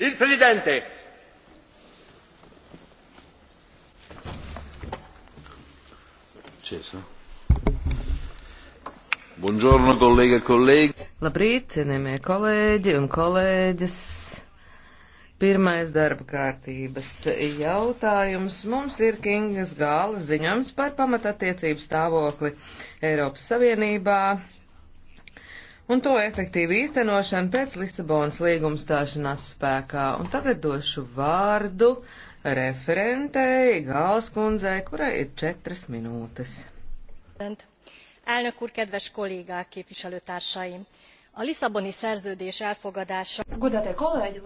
Il Presidente. Cesa. Buongiorno, kolēģi, e kolēģi. Labrīt, cienījamie kolēģi un kolēģis. Pirmais darba kārtības jautājums mums ir Kingas gāla ziņojums par pamatattiecību stāvokli Eiropas Savienībā un to efektīvu īstenošanu pēc Lisabonas līguma stāšanās spēkā. Un tagad došu vārdu referentei Gālskundzei, kurai ir četras minūtes. Elnök úr, kedves kollégák, képviselőtársaim! A Lisszaboni szerződés elfogadása... Godātie kolēģi!